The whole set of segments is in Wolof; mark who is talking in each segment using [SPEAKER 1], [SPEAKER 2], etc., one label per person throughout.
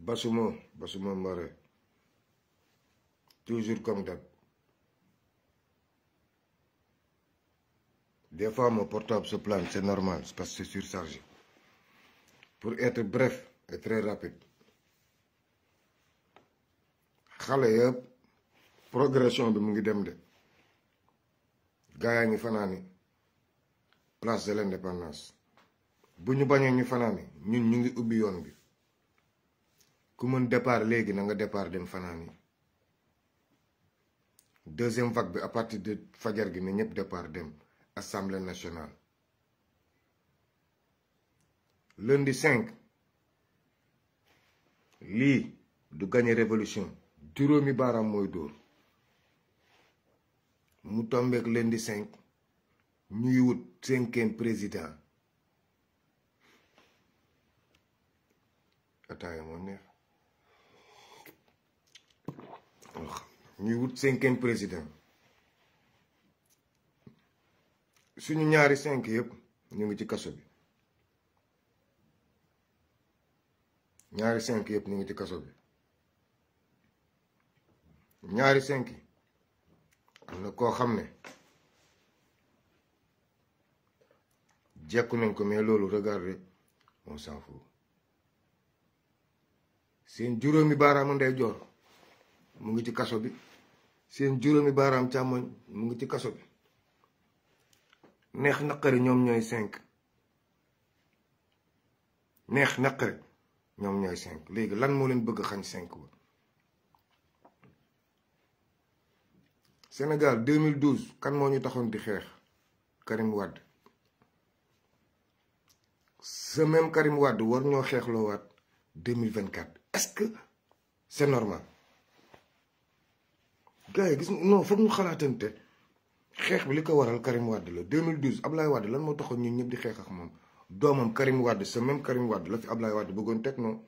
[SPEAKER 1] Basuma Basuma Mare toujours comme d'hab des fois mon portable se plante c'est normal parce que c'est surchargé pour être bref et très rapide xale yëpp progression bi mu ngi dem de gaa yaa ngi fanaani place de l'indépendance bu ñu bañoon ñu fanaani ñun ñu ngi ubbi yoon bi ku mën départ léegi na nga départ dem fanaan yi deuxième vague bi à partir de fajar gi na ñëpp départ dem assemblée nationale lundi cinq lii du gagné révolution juróomi baaraam mooy dóor mu tombeek lundi cinq ñuy wut cinquième président ataaya moo neex alors ñuy wut cinquième président suñu ñaari cinq yëpp ñu ngi ci kaso bi ñaari cinq yëpp ñu ngi ci kaso bi ñaari cinq yi am na koo xam ne jekku nañ ko mais loolu regarde rek on s'en fout seen juróomi baaraamu de joor mu ngi ci kaso bi seen juróomi baaraam càmmoñ mu ngi ci kaso bi neex naqari ñoom ñooy cinq neex naqari ñoom ñooy cinq léegi lan moo leen bëgg a xañ cinq ba Sénégal 2012 kan moo ñu taxoon di xeex Karim wàdd ce même Karim wàdd war ñoo xeexloowaat 2024 est-ce que c'est normal gaay gis nga non foog ñu xalaatante xex bi li ko waral Karim wad la 2012 Ablaye wad lan mo taxoon ñun ñep di xex ak mom domam Karim wad sa même Karim wad la fi Ablaye wad bëggon tek noonu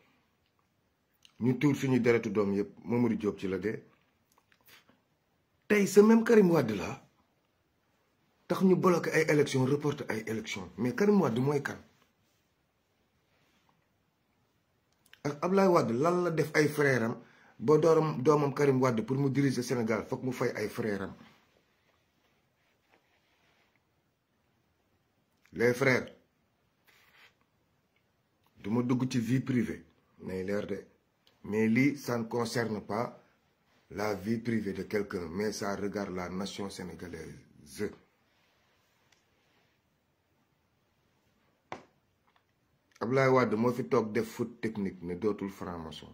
[SPEAKER 1] ñu tuur suñu deretu dom yep Mamadou Diop ci la dé tay sa même Karim wad la tax ñu bloquer ay élection reporter ay élection mais Karim wad moy kan ak Ablaye wad lan la def ay frère am Si je doomam Karim wad pour mu diriger Sénégal que mu fay ay frères les frères du dugg ci vie privée nay mais ça ne concerne pas la vie privée de quelqu'un mais ça regarde la nation sénégalaise Ablaye Wade mo fi tok def foot technique ne dotul franc-maçon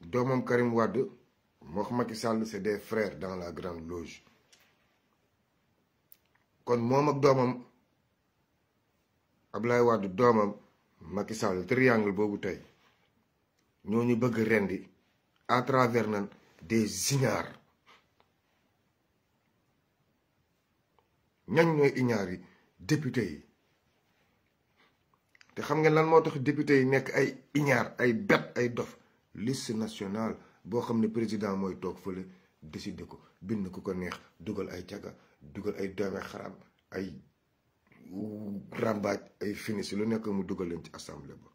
[SPEAKER 1] Domam Karim Wade moo xam Macky Sall c'est des frères dans la grande loge kon moom Domam, doomam Ablaye Domam, doomam Macky Sall triangle boobu tey ñoo ñu bëgg rendi à travers nan des ignares ñañ ñooy ignares yi député yi te xam ngeen lan moo tax député yi nekk ay ignares ay bête ay dof liste nationale boo xam ne président mooy toog fële décidé ko bind ku ko neex dugal ay jaga dugal ay doome xaram ay rambaaj ay finis lu nekk mu dugal leen ci assemblée ba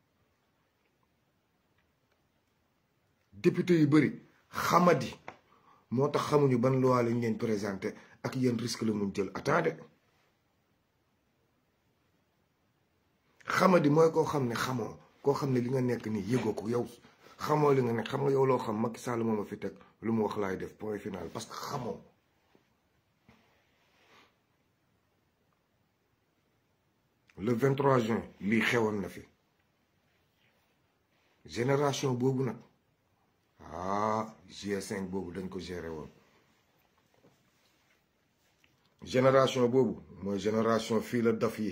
[SPEAKER 1] député yu bëri xamadi moo tax xamuñu ban loi lañ leen présenté ak yéen risque la mun jël attendez xamadi mooy koo xam ne xamoo koo xam ne li nga nekk nii yëgoo ko yow xamoo li nga ne xam nga yow loo xam Macky Sall moom a fi teg lu mu wax laay def point final parce que xamoo le 23 juin lii xewoon na fi génération boobu nag ah gs 5 boobu dañ ko géré woon génération boobu mooy génération fii la daf yi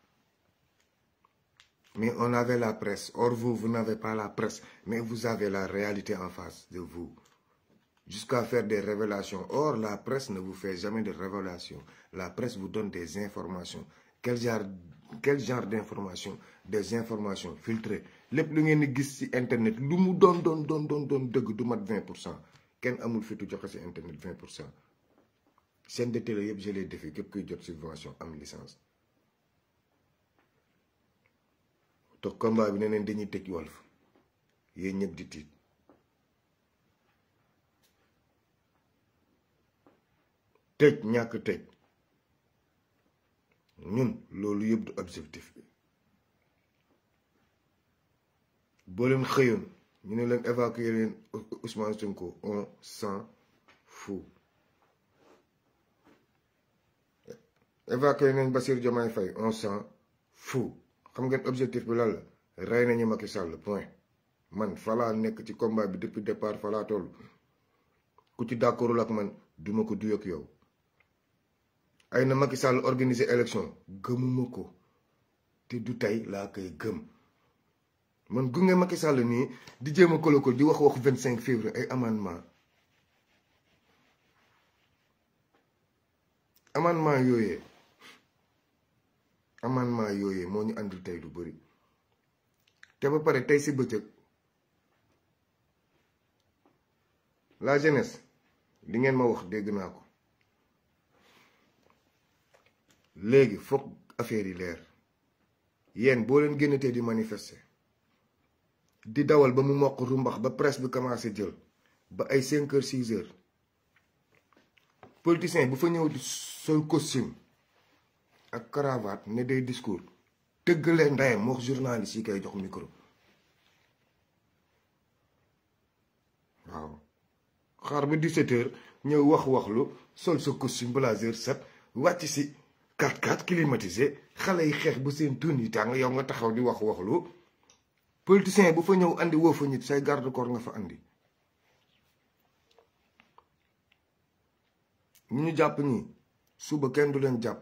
[SPEAKER 1] Mais on avait la presse. Or, vous, vous n'avez pas la presse. Mais vous avez la réalité en face de vous. Jusqu'à faire des révélations. Or, la presse ne vous fait jamais de révélations. La presse vous donne des informations. Quel genre, quel genre d'informations Des informations filtrées. Les plus sur Internet, lu mu donne, donne, donne, donne, donne, deug mat 20%. Ken amour fait joxe ci Internet 20%. Scène de télé, je l'ai défait. que kuy jot subvention, am licence. te combat bi ne neen dañuy tëj Walf yéen ñëpp di tiit tëj ñàkk tëj ñun loolu yëpp du objectif bi boo leen xëyoon ñu ne leen évacuer leen Ousmane Sonko on s'en fout évacuer nañ Bassirou Diomaye Faye on s'en fout xam ngeen objectif bi lan la rey nañu Macky Sall point man falaa nekk ci combat bi depuis départ falaa toll ku ci d'accordul ak man duma ko duy ak yow ay na Macky sàll organiser élection gëmuma ko te du tey laa koy gëm man gunge Macky Sall nii di jéem a kolokol di wax wax vingt cinq février ay amendement amendement yooyee amendement yooyee mo ñu andil tay lu bëri te ba pare tay si bëccëg la jeunesse li ngeen ma wax dégg naa ko léegi foog affaire yi leer yeen bo leen génnatee di manifester di dawal ba mu mokk rumbax ba presse bi commencé jël ba ay 5 h 6 h politicien bu fa ñëw di son costume ak cravate né day discours tëggale nday mo journaliste yi kay jox micro waaw xaar bu 17 h ñëw wax waxlu sol sa costume blazer set wàcc ci 4 4 climatisé xalé yi xex bu seen tuni tang yow nga taxaw di wax waxlu politicien bu fa ñëw andi wo fa ñit say garde corps nga fa andi ñu japp ni suba kenn du len japp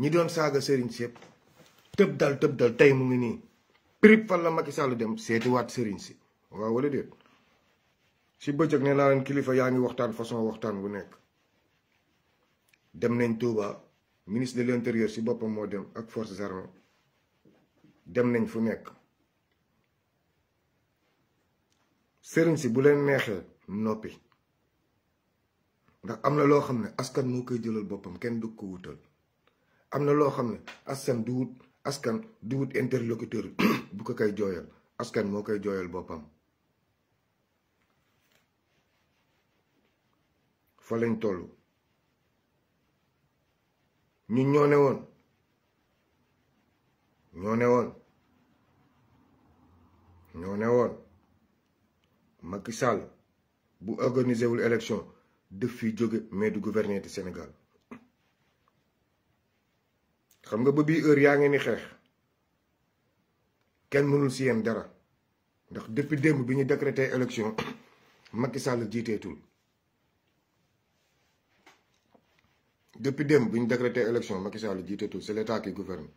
[SPEAKER 1] ñi doon saaga sëriñ si yëpp tëb dal tëb dal tey mu ngi nii prip fan la Macky Sall dem seeti waat sëriñ si waaw wala déet si bëccëg ne kilifa yaa ngi waxtaan façon waxtaan bu nekk dem nañ Touba ministre de l'intérieur si boppam moo dem ak forces armées dem nañ fu nekk sëriñ si bu leen neexee noppi ndax am na loo xam ne askan moo koy jëlal boppam kenn du ko wutal am na loo xam ne askan du askan du wut interlocuteur bu ko koy jooyal askan moo koy jooyal boppam fa lañ toll ñu ñoo ne woon ñoo ne woon ñoo ne woon Macky Sall bu organisé wul élection def fi jóge mais du gouverner du Sénégal xam nga ba bii heure yaa ngi ni xeex kenn mënul si yéen dara ndax depuis démb bi ñu décrété élection Macky sàll jiiteetul depuis démb bi ñu décrété élection Macky Sall jiiteetul c'est gouverne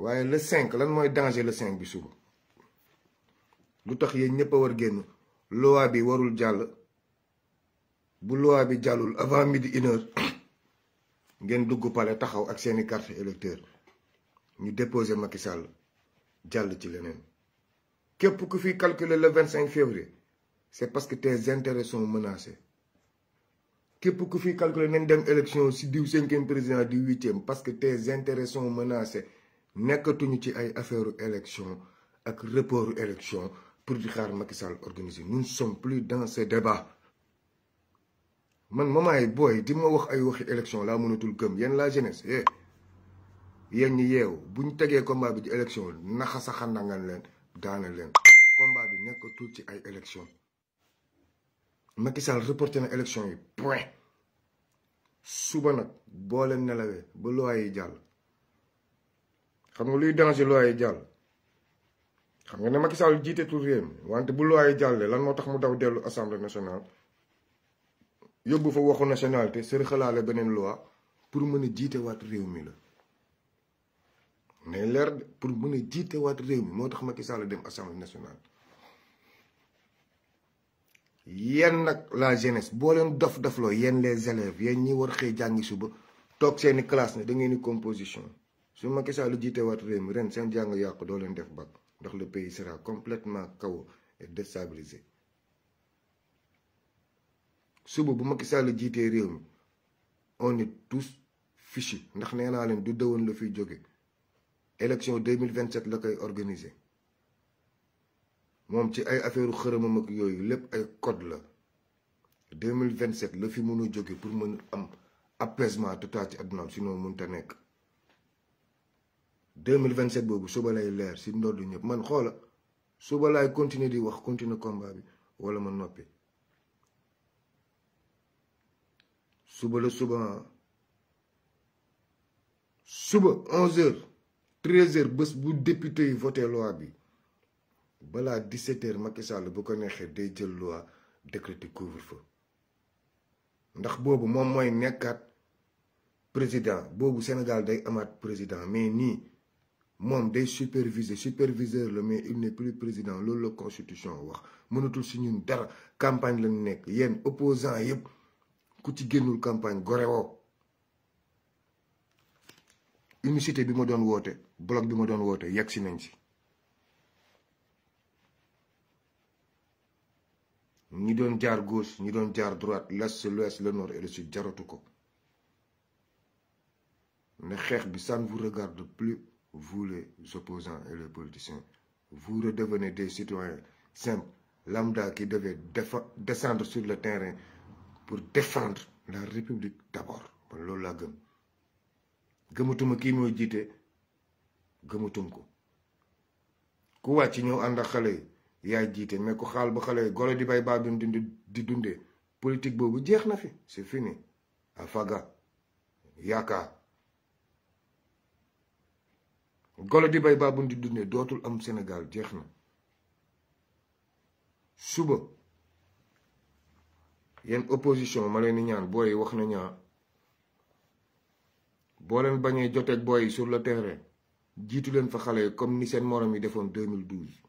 [SPEAKER 1] waaye la cinq lan mooy danger le cinq bi suba lu tax yéen ñëpp a war génn loi bi warul jàll bu loi bi jàllul avant midi une ngeen dugg pale taxaw ak seeni carte électeur ñu déposé Macky Sall que ci leneen képp ku fi calculer le 25 février c'est parce que tes intérêts sont menacés képp ku fi calculer nañ dem élection si diw e président 8e huitième parce que tes intérêts sont menacés nekkatuñu ci ay affaire élection ak report élection pour di xaar Macky nous ne sommes plus dans ce débat man mamaay booy di ma wax ay waxi élection laa mënatul gëm yéen laa jeunesse eh yéen ñi yeew buñ tegee combat bi ci élection naxa saxa nangan leen daana leen combat bi nekkatul ci ay élection Macky Sall reporté na élection yi point suba nag boo nelawee ba jàll xam nga luy danger loi yi jàll xam nga ne Macky Sall jiite tout réew wante bu loi yi jàllee lan moo tax mu daw dellu assemblée nationale yóbbu fa waxu nationalité sër xalaale beneen loi pour mën a jiitewaat réew mi la mais leer pour mën a jiitewaat réew mi moo tax Macky Sall dem assemblée nationale yenn nag la jeunesse boo leen dof dofloo yéen les élèves yéen ñi war xëy jàngi suba toog seeni classe ne da ngeen ni composition su Macky Sall waat réew mi ren seen jàng yàqu doo leen def bac ndax le pays sera complètement chaos et déstabilisé Si vous avez que ça on est tous fichus du la élection 2027 la koy organiser que ci ay affaire que ak dit ay code 2027 pour am apaisement total ci àddunaam sinon vous avez 2027 boobu suba lay leer si vous avez man Si suba continue continuer di wax continuer combat bi wala ma suba le suba suba 11h 13h bés bu député yi voté loi bi la 17h Macky Sall bu ko neexee day jël loi décrétée couvre-feu ndax boobu moom mooy nekkaat président Bobo Sénégal day amat président mais ni moom day superviseur. superviseur le mais il n'est plus président loolu la constitution wax mënatul si ñun dara campagne lañu nekk yéen opposant yëpp ku ci campagne gore woo unicité bi bloc qui ma doon woote nañ si ñi gauche ni don diar droite l'est l'ouest le nord et le sud jaratu ko ne ça ne vous regarde plus vous les opposants et les politiciens vous redevenez des citoyens simples lambda qui devait descendre sur le terrain pour défendre la république d'abord man loolu laa gën gëmatuma kii mooy jiite gëmatum ko ku wàcc ñëw ànd ak xale yi yaay jiite mais ku xaal bu xale yi golo di bay baa dund di dundee politique boobu jeex na fi c'est fini afaga yaakaar golo di bay baa di dundee dootul am Sénégal jeex na suba yéen opposition ma leen di ñaan booy wax nañu boo leen bañee joteeg booy yi sur le terrain jiitu leen fa xale yi comme ni seen morom yi defoon 2012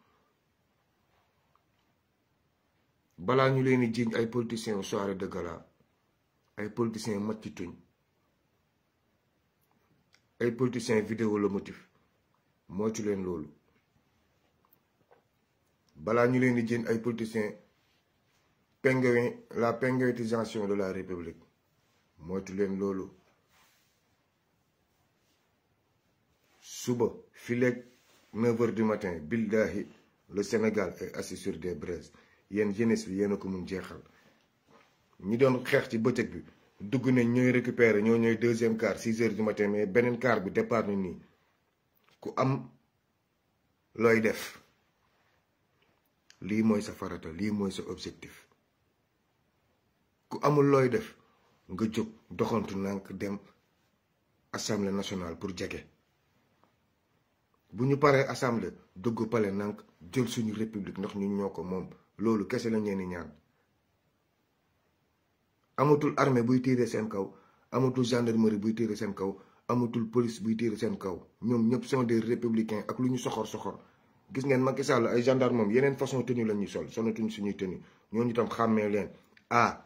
[SPEAKER 1] balaa ñu leen di jiiñ ay politiciens soirée de gala ay politiciens mat ci tuñ ay politiciens vidéo le motif moytu leen loolu balaa ñu leen di jiiñ ay politiciens. pénguin la pénguinisation de la république moytu leen loolu suba filet, 9 h du matin billahi le Sénégal est assis sur des braises yéen jeunesse bi yéen a ko mun jeexal ñi doon xeex ci bëccëg bi dugg nañ ñooy récupérer ñoy ñooy deuxième quart 6 h du matin mais benen quart bi départ na ni ku am loy def li moy sa farata li moy sa objectif amul loy def nga jóg doxantu nank dem assemblée nationale pour jege buñu paré assemblée dugg palé nank djël suñu république ndax ñun ñoko mom lolu kessé kese la ñeeni ñaan amatul armée buy tiré seen kaw amatul gendarmerie buy tiré seen kaw amatul police buy tiré seen kaw ñom ñëpp sont des républicains ak luñu soxor soxor gis ngeen Macky Sall ay gendarme mom yenen façon tenue lañuy sol sonatuñ suñuy tenue ñooñu tam xamé len ah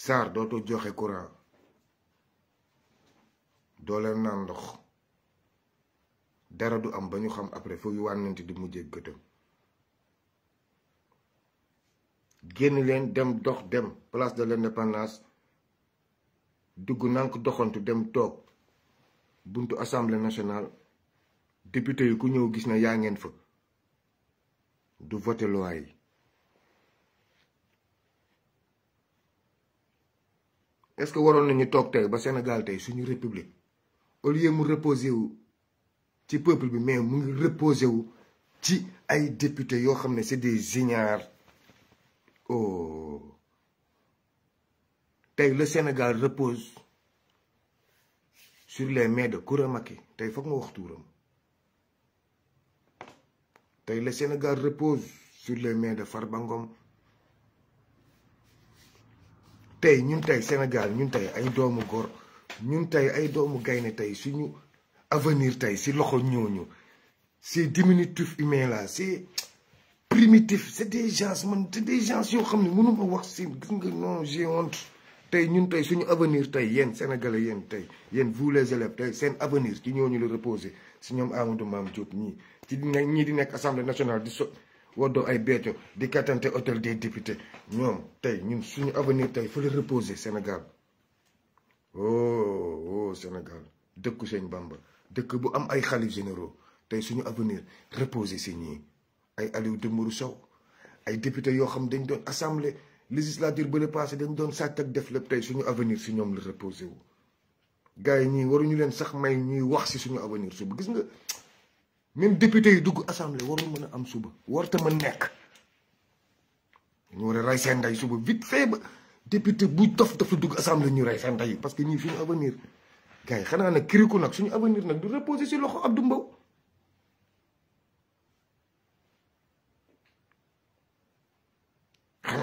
[SPEAKER 1] Saar dootul joxe courant doo leen naan ndox dara du am ba ñu xam après foofu yu wànnante di mujjee gëtëm génn leen dem dox dem place de l'indépendance dugg nank doxantu dem toog buntu assemblée nationale député yi ku ñëw gis na yaa ngeen fa du voté loi yi est-ce que vous nañu tok que ba Sénégal tay suñu république au lieu mu reposer ci peuple bi mais mu reposer ci ay député yo xamné c'est des ignares oh le Sénégal repose sur les mains de Kouramaki. tay faut que ma wax le Sénégal repose sur les mains de Farbangom tay ñun tay Sénégal ñun tay ay doomu ñun ay doomu suñu avenir loxo ñooñu là c'est primitif c'est des gens c'est des gens yo ne ma wax pas gis nga non j'ai honte ñun suñu avenir sénégalais vous les élèves tay avenir ci ñooñu nous reposer ci ñom Amadou ci di nationale di woddoo ay beeco di kattante hôtel des députés ñoom tey ñun suñu avenir tey fa la reposer Sénégal oh oh Sénégal dëkku sëñ Bamba dëkk bu am ay xalif généraux tey suñu avenir reposer si ñii ay Aliou Dembourou Sow ay député yoo xam dañ doon assemblée législature ba le passé dañ doon sàcc ak def lépp tey suñu avenir si ñoom la reposer wu. gars yi ñii waruñu leen sax may ñuy wax si suñu avenir suba gis nga. même député yi dugg assemblée warul mën a am suba warta mën nekk ñu war a rey seen ndey suba vite fait ba député bu dof dof la dugg assemblée ñu ray seen ndey parce que ñii suñu avenir gars yi xanaa nag kiriku nag suñu avenir nag du reposer si loxo Abdou Mbow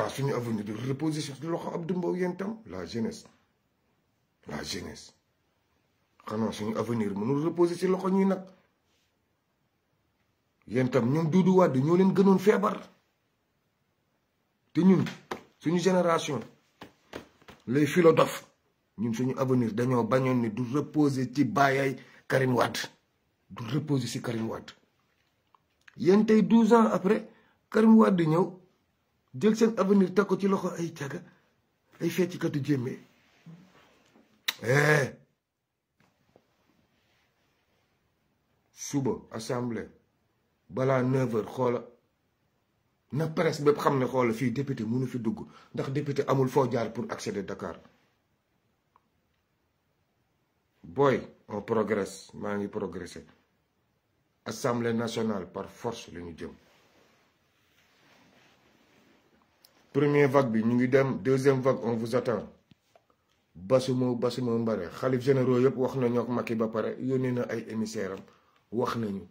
[SPEAKER 1] suñu avenir du reposer si loxo Abdou Mbow yéen tam la jeunesse la jeunesse xanaa suñu avenir mënul reposer si loxo ñuy nag yentam ñun Doudou ñun suñu génération les philosophes ñun suñu avenir dañoo ni du reposer ci Karim du reposer ci Karim Wade yentay ans après Karim Wade avenir ci loxo ay eh! suba assemblée Bala 9h xoola na presse bépp xam ne fi député mënu fi dugg ndax député amul fo jaar pour accéder Dakar Boy, on progresse ma ngi progresser assemblée nationale par force li ñu jëm première vague bi ñu ngi dem deuxième vague on vous attend basumo basumo mbare Khalif généraux yëpp wax na ak Macky ba pare na ay émissaire wax nañu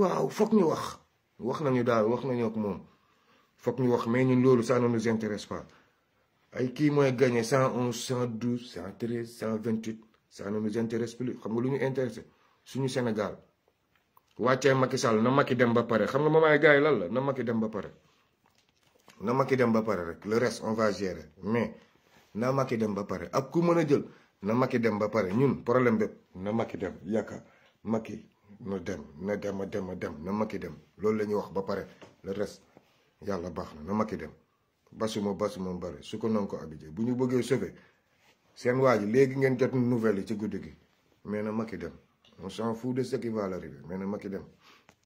[SPEAKER 1] waaw foog ñu wax wax nañu daal wax nañu ak moom foog ñu wax mais ñun loolu ça ne nous intéresse pas ay kii mooy gagné cent onze cent douze cent treize cent vingt huit ça ne nous intéresse plus xam nga lu ñu intéressé suñu Sénégal wàccee Macky Sall na Macky dem ba pare xam nga moom ay gars yi lan la na Macky dem ba pare na Macky dem ba pare rek le reste on va mais na Macky dem ba pare ak ku mën a jël na Macky dem ba pare ñun problème bépp na Macky dem yàkka Macky na dem na dem a dem a dem na Macky dem loolu la ñuy wax ba pare le reste yàlla baax na na Macky dem basuma basuma mbare su ko non ko abidje bu ñu bëggee sauver seen waaj léegi ngeen jot nouvelle yi ci guddi gi mais na Macky dem on s'en fout de ce qui va mais na Macky dem